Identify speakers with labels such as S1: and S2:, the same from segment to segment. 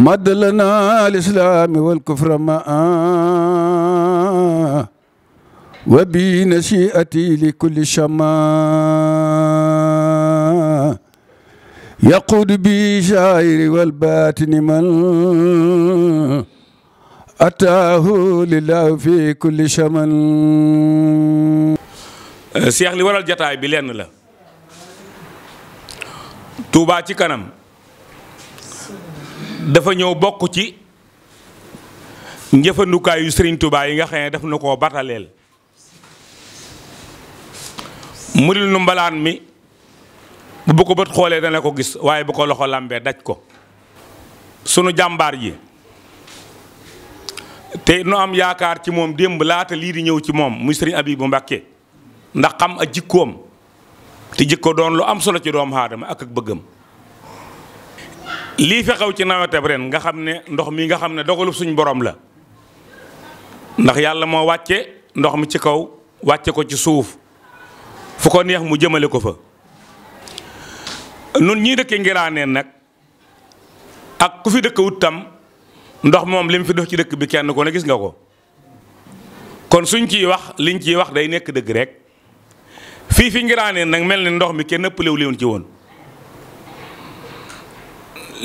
S1: مد لنا الإسلام والكفر معا وبنشيئتي لكل شما يقود بي شاعر والباطن من أتاه لله في كل شمل
S2: Seex li waral jataay bi lenn la Tuubaa ci kanam dafa ñëw bokk ci njëfandukaayu Serigne Touba yi nga xam ne daf na koo bataleel mu dil nu mbalaan mi bu ko bët xoolee dana ko gis waaye bu ko loxo làmbee daj ko sunu jàmbaar ji te nu am yaakaar ci moom démb laata lii di ñëw ci moom muy Serigne Abibou Mbacké ndax xam a jikkoom te jikko doon lu am solo ci doomu aadama ak ak bëggam lii fi xaw ci nawetab ren nga xam ne ndox mi nga xam ne dogalu suñ borom la ndax yàlla moo wàcce ndox mi ci kaw wàcce ko ci suuf fu ko neex mu jëmale ko fa nun ñii dëkke Ngiraaneen nag ak ku fi dëkk wut tam ndox moom li mu fi dox ci dëkk bi kenn ko ne gis nga ko kon suñ ciy wax liñ ciy wax day nekk dëgg rek fii fi Ngiraaneen nag mel ni ndox mi kenn ëpp léwu ci woon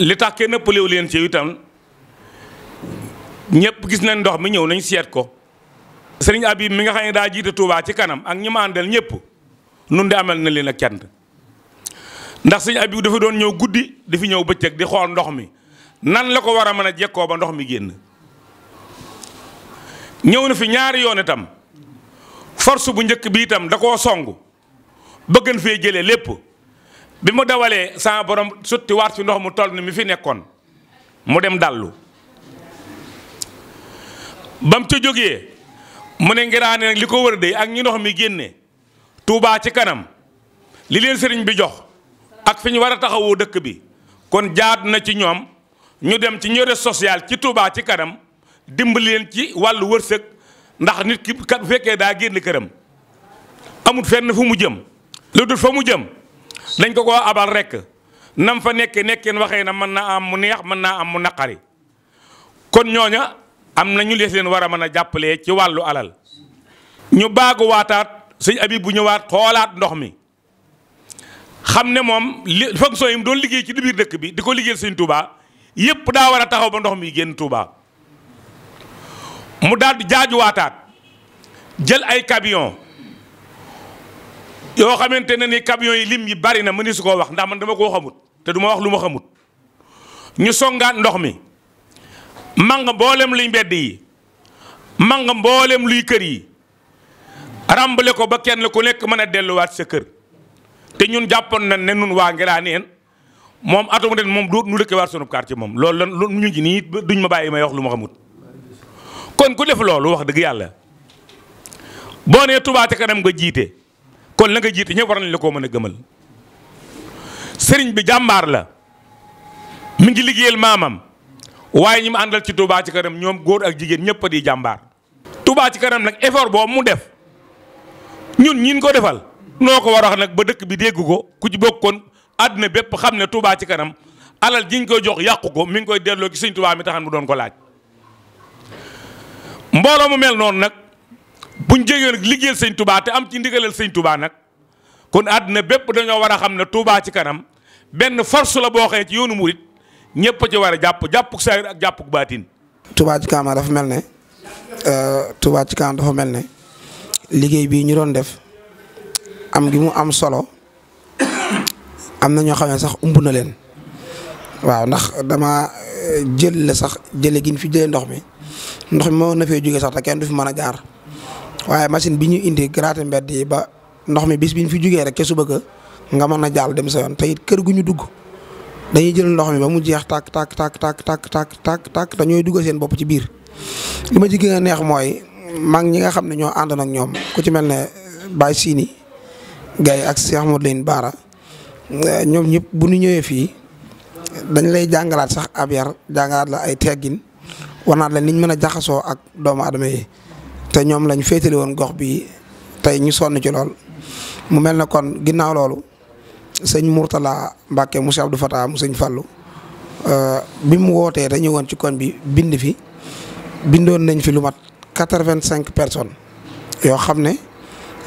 S2: li tax kenn ëppalewu leen ci itam ñëpp gis nañ ndox mi ñëw nañ seet ko sëriñ Abib mi nga xam ne daa jiite Touba ci kanam ak ñi ma àndal ñëpp nun de amal na leen ak cant ndax sëriñ Abib dafa doon ñëw guddi di fi ñëw bëccëg di xool ndox mi nan la ko war a mën a jekkoo ba ndox mi génn ñëw na fi ñaari yoon itam force bu njëkk bi itam da koo song bëggan fee jëlee lépp bi mu dawalee sama borom sotti waat ci ndox mu toll na mi fi nekkoon mu dem dàllu ba mu ca jógee mu ne ngiraane li ko wër de ak ñi ndox mi génnee tuubaa ci kanam li leen sëriñ bi jox ak fi ñu war a taxawoo dëkk bi kon jaat na ci ñoom ñu dem ci ñore social ci tuubaa ci kanam dimbali leen ci wàllu wërsëg ndax nit ki kat fekkee daa génn këram amut fenn fu mu jëm lu dul fa mu jëm dañ ko koo abal rekk nam fa nekkee nekkeen waxee na mën na am mu neex mën naa am mu naqari kon ñooña am na ñu lees leen war a mën a jàppale ci wàllu alal ñu baagu waataat sëñ abi bu ñëwaat xoolaat ndox mi xam ne moom li fonction yi mu doon liggéey ci biir dëkk bi di ko liggéey sëñ tubaa yépp daa war a taxaw ba ndox mi génn tubaa mu daal di waataat jël ay kabiyon yoo xamante ne ni camions yi lim yi bari na mën mëni su koo wax ndax man dama koo xamut te duma wax lu ma xamut ñu songaat ndox mi mang mboolem luy mbedd yi mang mboolem luy kër yi rambale ko ba kenn ku nekk mën a delluwaat sa kër te ñun jàppoon nañ ne ñun waa Ngiraaneen moom atum ren moom du nu dëkkewaat sunu quartier moom loolu lan lu ñu ngi nii duñ ma bàyyi may wax lu ma xamut kon ku def loolu wax dëgg yàlla boo nee Touba ca kanam nga jiite. kon la nga jiite ñëpp war nañ la koo mën a gëmal sëriñ bi jàmbaar la mu ngi liggéeyal maamam waaye ñi mu àndal ci Touba ci kanam ñoom góor ak jigéen ñëpp di jàmbaar. Touba ci kanam nag effort boobu mu def ñun ñin ko defal noo ko war a wax nag ba dëkk bi dégg ko ku ci bokkoon àdduna bépp xam ne Touba ci kanam alal jiñ koy jox yàqu ko mi ngi koy delloo ci sëñ Touba mi taxan mu doon ko laaj mbooloo mu mel noonu nag. buñ jógee liggéeyal sëñ tubaa te am ci ndigalal sëñ tubaa nag kon àddina bépp dañoo war a xam ne tubaa ci kanam benn force la boo xee ci yoonu murit ñëpp a ci war a jàpp jàppuk saayir ak jàppu baatin.
S3: tubaa ci kanam dafa mel ne euh, tubaa ci kanam dafa mel ne liggéey bii ñu doon def am gi mu am solo am na ñoo xam sax umb na leen waaw ndax dama euh, jël la sax jële gin fi jëlee ndox mi ndox mi moo na fee jógee sax te kenn du fi mën a jaar. waaye machine bi ñu indi gratte mbedd yi ba ndox mi bis bi ñu fi jugee rek kesu bëgg nga mën a jàll dem sa yoon te kër gu ñu dugg dañuy jël ndox mi ba mu jeex tàkk tàkk tàkk tàkk tàkk tàkk tàkk dañooy dugg seen bopp ci biir. li ma ci gën a neex mooy mag ñi nga xam ne ñoo àndoon ak ñoom ku ci mel ne euh, Baye Sini Gaye ak Cheikh Modou Lamine Bara euh, ñoom ñëpp bu ñu ñëwee fii dañ lay jàngalaat sax ab yar jàngalaat la ay teggin wanaat la niñ mën a jaxasoo ak doomu adama yi. te ñoom lañ féetali woon gox bi tey ñu sonn ci lool mu mel ne kon ginnaaw loolu sëñ Mourtala Mbacke mu Abdou Fatah mu sëñ Fallu euh, bi mu wootee dañu woon ci koñ bi bind fi bindoon nañ fi lu mat quatre-vingt-cinq personnes yoo xam ne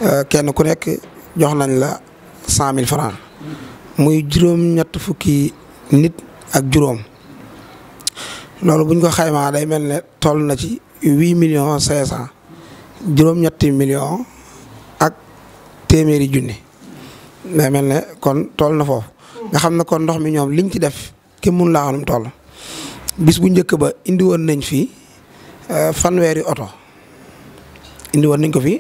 S3: euh, kenn ku nekk jox nañ la cent mille francs muy juróom-ñett fukki nit ak juróom loolu buñ ko xaymaa day mel ne toll na ci huit million cinq juróom-ñetti million ak téeméeri junni day mel ne kon toll na foofu nga xam ne kon ndox mi ñoom liñ ci def kenn mun laa xam toll bis bu njëkk ba indi nañ fi euh, fanweeri oto indi nañ ko fi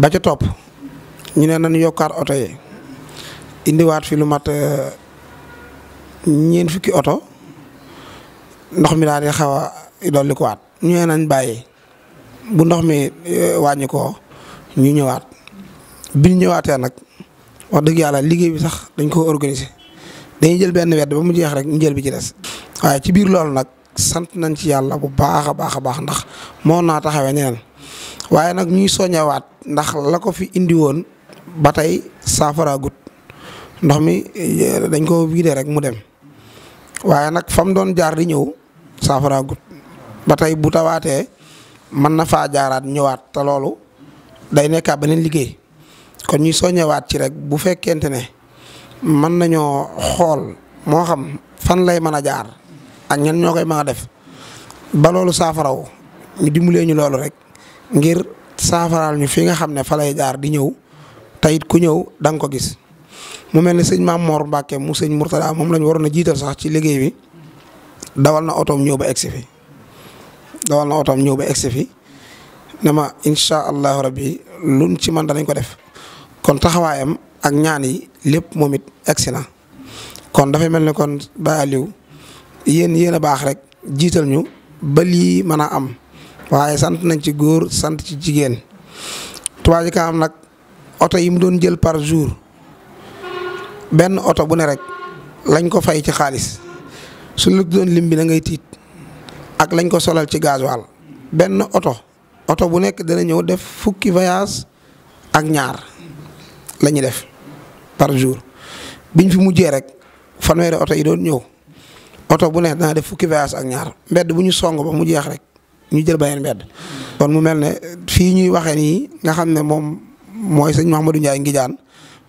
S3: ba ca topp ñu ne nañ yokkaat oto yi indiwaat fi lu mat euh, ñeent fukki oto ndox mi daal di xaw a dolli ko waat ñu ne nañ bàyyi bu ndox mi eh, wàññi ko ñu ñëwaat bi ñëwaatee nag wax dëgg yàlla liggéey bi sax dañ koo organiser dañuy jël benn wedd ba mu jeex rek ñu jël bi ci des waaye ci biir loolu nag sant nañ ci yàlla bu baax a baax a baax ndax moo naa taxawee neen waaye nag ñuy soññewaat ndax la ko fi indi woon ba tey saafara gut ndox mi eh, dañ ko vidé rek mu dem waaye nag fam doon jaar di ñëw saafara gut ba tey bu tawaatee mën na faa jaaraat ñëwaat te loolu day nekkaa beneen liggéey kon ñuy soññewaat ci rek bu fekkente ne mën nañoo xool moo xam fan lay mën a jaar ak ñan ñoo koy mën a def ba loolu saafaraw ñu dimbalee ñu loolu rek ngir saafaraal ñu fii nga xam ne fa lay jaar di ñëw te it ku ñëw da nga ko gis. mu mel ni sëñ Maam moor Mbacke mu sëñ Mourtada moom la ñu waroon a jiital sax ci liggéey bi dawal na otoom ñëw ba egsi fi dawal na otoom ñëw ba egsi fi ne ma incha allahu rabbi luñ ci man danañ ko def kon taxawaayam ak ñaan yi lépp moom it egsi na kon dafay mel ni kon Baye Aliou yéen yéen a baax rek jiital ñu ba lii mën a am waaye sant nañ ci góor sant ci jigéen Touba Ca am nag oto yi mu doon jël par jour benn oto bu ne rek lañ ko fay ci xaalis su lu doon lim bi tiit ak lañ ko solal ci gasoil benn oto oto bu nekk dana ñëw def fukki voyage ak ñaar la ñuy def par jour biñ fi mujjee rek fanweeri oto yi doon ñëw oto bu nekk dana def fukki voyage ak ñaar mbedd bu ñu song ba mu jeex rek ñu jël beneen mbedd. kon mu mel ne fii ñuy waxee nii nga xam ne moom mooy sëñ Mouhamadou Ndiaye Ngidane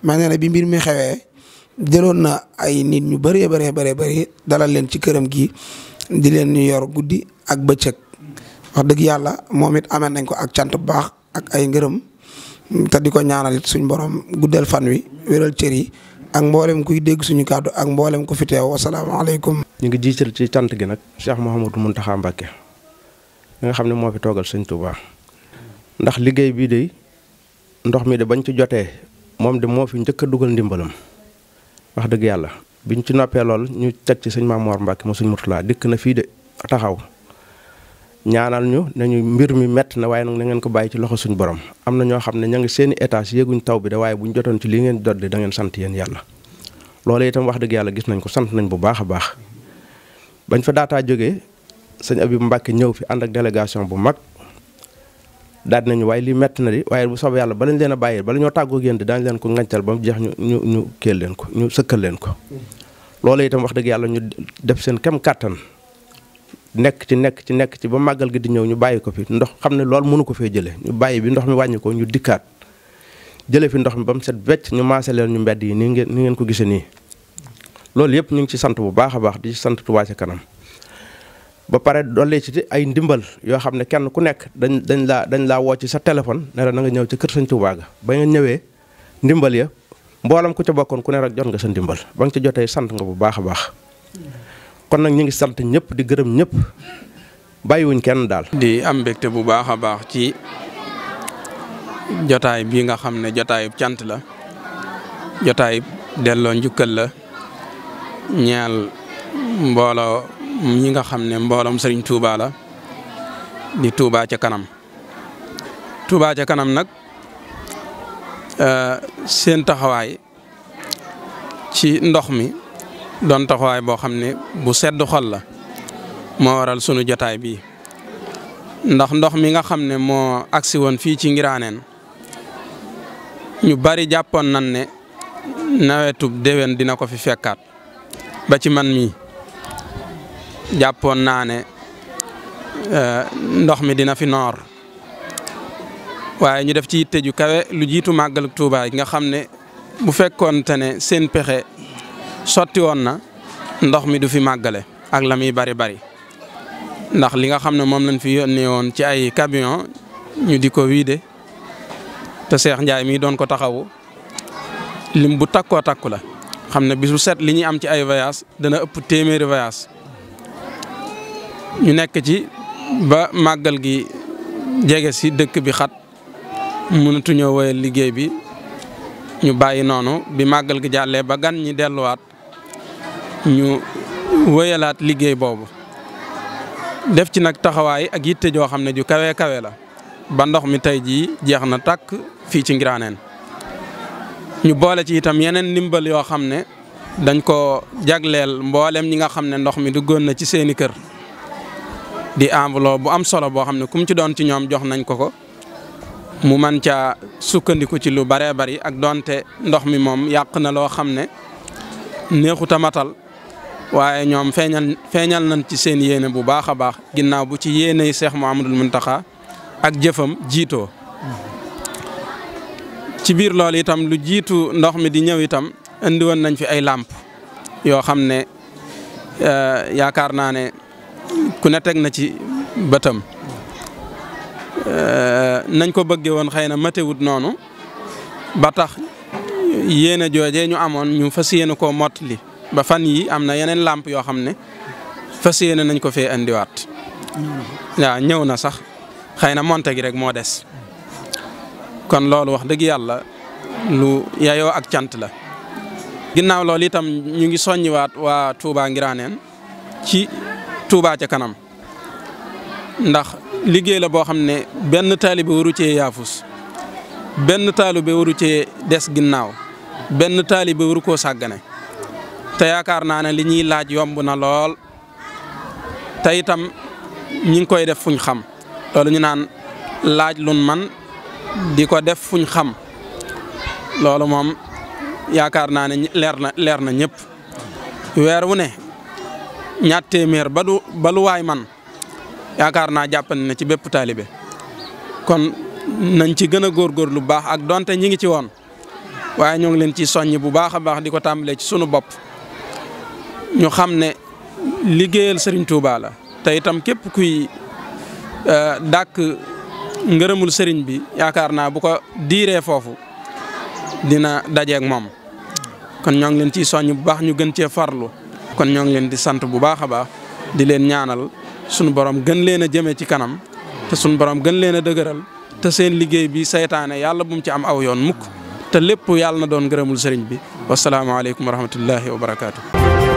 S3: mel ne ne bi mbir mi xewee jëloon na ay nit ñu bëree bëree bëree bëri dalal leen ci këram gi. di leen yor guddi ak bëccëg wax dëgg yàlla moom it amee nañ ko ak cant bu baax ak ay ngërëm te di ko ñaanal it suñ borom guddal fan wi wéral cër yi ak mboolem kuy dégg suñu kàddu ak mboolem ku fi teew
S4: wasalaamaaleykum. ñu ngi jiital ci cant gi nag Cheikh Mouhamadou Mountakha Mbacké nga xam ne moo fi toogal sëñ Touba ndax liggéey bii de ndox mi de bañ ci jotee moom de moo fi njëkk a dugal ndimbalam wax dëgg yàlla. biñ ci noppee lool ñu teg ci sëñ Maam Mor Mbàkke moo sëñ Murtala dikk na fii de taxaw ñaanal ñu nañu mbir mi metti na waaye nag na ngeen ko bàyyi ci loxo suñu borom am na ñoo xam ne ña ngi seeni étage yéeguñ taw bi de waaye buñ jotoon ci li ngeen dodde da ngeen sant yéen yàlla loolu itam wax dëgg yàlla gis nañ ko sant nañ bu baax a baax bañ fa daataa jógee sëñ Abib Mbàkke ñëw fi ànd ak délégation bu mag daal nañu waaye lii metti na di waaye bu soobee yàlla balañ leen a bàyyi bala ñoo tàggoo yéen daañ leen ko ngàncal ba mu jeex ñu ñu ñu leen ko ñu sëkkal leen ko loolu itam wax dëgg yàlla ñu def seen kem kàttan nekk ci nekk ci nekk ci ba màggal gi di ñëw ñu bàyyi ko fi ndox xam ne loolu mënu ko fee jële ñu bàyyi bi ndox mi wàññi ñu dikkaat jëlee fi ndox mi ba mu set becc ñu maase leen ñu mbedd yi ni ngeen ni ngeen ko gisee nii. loolu yëpp ñu ngi ci sant bu baax a baax di sant Touba ca kanam ba pare dolli ci ay ndimbal yoo xam ne kenn ku nekk dañ dañ laa dañ laa woo ci sa téléphone ne na nga ñëw ci kër Sëñ Touba ga ba nga ñëwee ndimbal ya mboolam ku ca bokkoon ku ne rek jot nga sa ndimbal ba ca jotee sant nga bu baax a baax kon nag ñu ngi sant ñëpp di gërëm ñëpp bàyyiwuñ kenn daal. di am
S1: mbégte bu baax a baax ci jotaay bii nga xam ne jotaayu cant la jotaay delloo njukkal la ñaal mbooloo ñi nga xam ne mbooloom sëriñ Touba la di tuubaa ca kanam Touba ca kanam nag. Euh, seen taxawaay ci ndox mi doon taxawaay boo xam ne bu sedd xol la moo waral sunu jotaay bii ndax ndox mi nga xam ne moo agsi woon fii ci Ngiraaneen ñu bari jàppoon nan ne nawetub déwén dina ko fi fekkaat ba ci man mii jàppoon naa ne euh, ndox mi dina fi noor waaye ñu def ci yitte ju kawe lu jiitu màggal Tuubaa yi nga xam ne bu fekkoonte ne seen pexe sotti woon na ndox mi du fi màggale ak la muy bari bari ndax li nga xam ne moom lañ fi yónnee woon ci ay camion ñu di ko wiide te Cheikh Ndiaye mii doon ko taxawu lim bu takkoo takku la xam ne bisu set li ñuy am ci ay voyage dana ëpp téeméeri voyage ñu nekk ci ba màggal gi jege si dëkk bi xat mënatuñoo woyal liggéey bi ñu bàyyi noonu bi màggal gi jàllee ba gan ñi delluwaat ñu woyalaat liggéey boobu def ci nag taxawaay ak yitte joo xam ne ju kawe kawe la ba ndox mi tey jii jeex na tàkk fii ci Ngiraaneen ñu boole ci itam yeneen ndimbal yoo xam ne dañ ko jagleel mboolem ñi nga xam ne ndox mi duggoon na ci seeni kër di enveloppe bu am solo boo xam ne ku ci doon ci ñoom jox nañ ko ko mu man ca sukkandiku ci lu baree bari ak donte ndox mi moom yàq na loo xam ne neexut a matal waaye ñoom feeñal feeñal nañ ci seen yéene bu baax a baax ginnaaw bu ci yéeney Seex Muhammadul Muntaxa ak jëfam jiitoo ci biir lool itam lu jiitu ndox mi di ñëw itam indi nañ fi ay làmp yoo xam ne euh, yaakaar naa ne ku ne teg na ci bëtam Euh, nañ ko bëggee woon xëy na matewut noonu ba tax yéen a joojee ñu amoon ñu fas yéene koo mottali ba fan yi am na yeneen làmp yoo xam ne fas yéene nañ ko fee indiwaat. waaw ñëw na sax xëy na monte gi rek moo des kon loolu wax dëgg yàlla lu yayoo ak cant la. ginnaaw loolu itam ñu ngi soññiwaat waa Touba Ngiraneen ci Touba ca kanam ndax liggéey la boo xam ne benn taalibe waru cee yaafus benn taalibe waru cee des ginnaaw benn taalibe waru ko sàggane te yaakaar naa ne li ñuy laaj yomb na lool te itam ñi ngi koy def fuñ xam loolu ñu naan laaj lun man di ko def fuñ xam loolu moom yaakaar naa ne leer na leer na ñëpp weer wu ne ñaat téeméer ba lu waay man yaakaar naa jàppandi na ci bépp taalibe kon nañ ci gën a góor lu baax ak donte ñi ngi ci woon waaye ñoo ngi leen ci soññ bu baax a baax di ko tàmbalee ci sunu bopp ñu xam ne liggéeyal Serigne Touba la te itam képp kuy euh, dàkk ngërëmul sëriñ bi yaakaar naa bu ko diiree foofu dina dajeeg moom kon ñoo ngi leen ciy soññ bu baax ñu gën cee farlu kon ñoo ngi leen di sant bu baax a baax di leen ñaanal sunu borom gën leen a jëmee ci kanam te sunu borom gën leen a dëgëral te seen liggéey bi seytaane yàlla bu mu ci am aw yoon mukk te lépp yàlla na doon gërëmul sëriñ bi wasalaamaaleykum wa rahmatullahi wa barakaatu.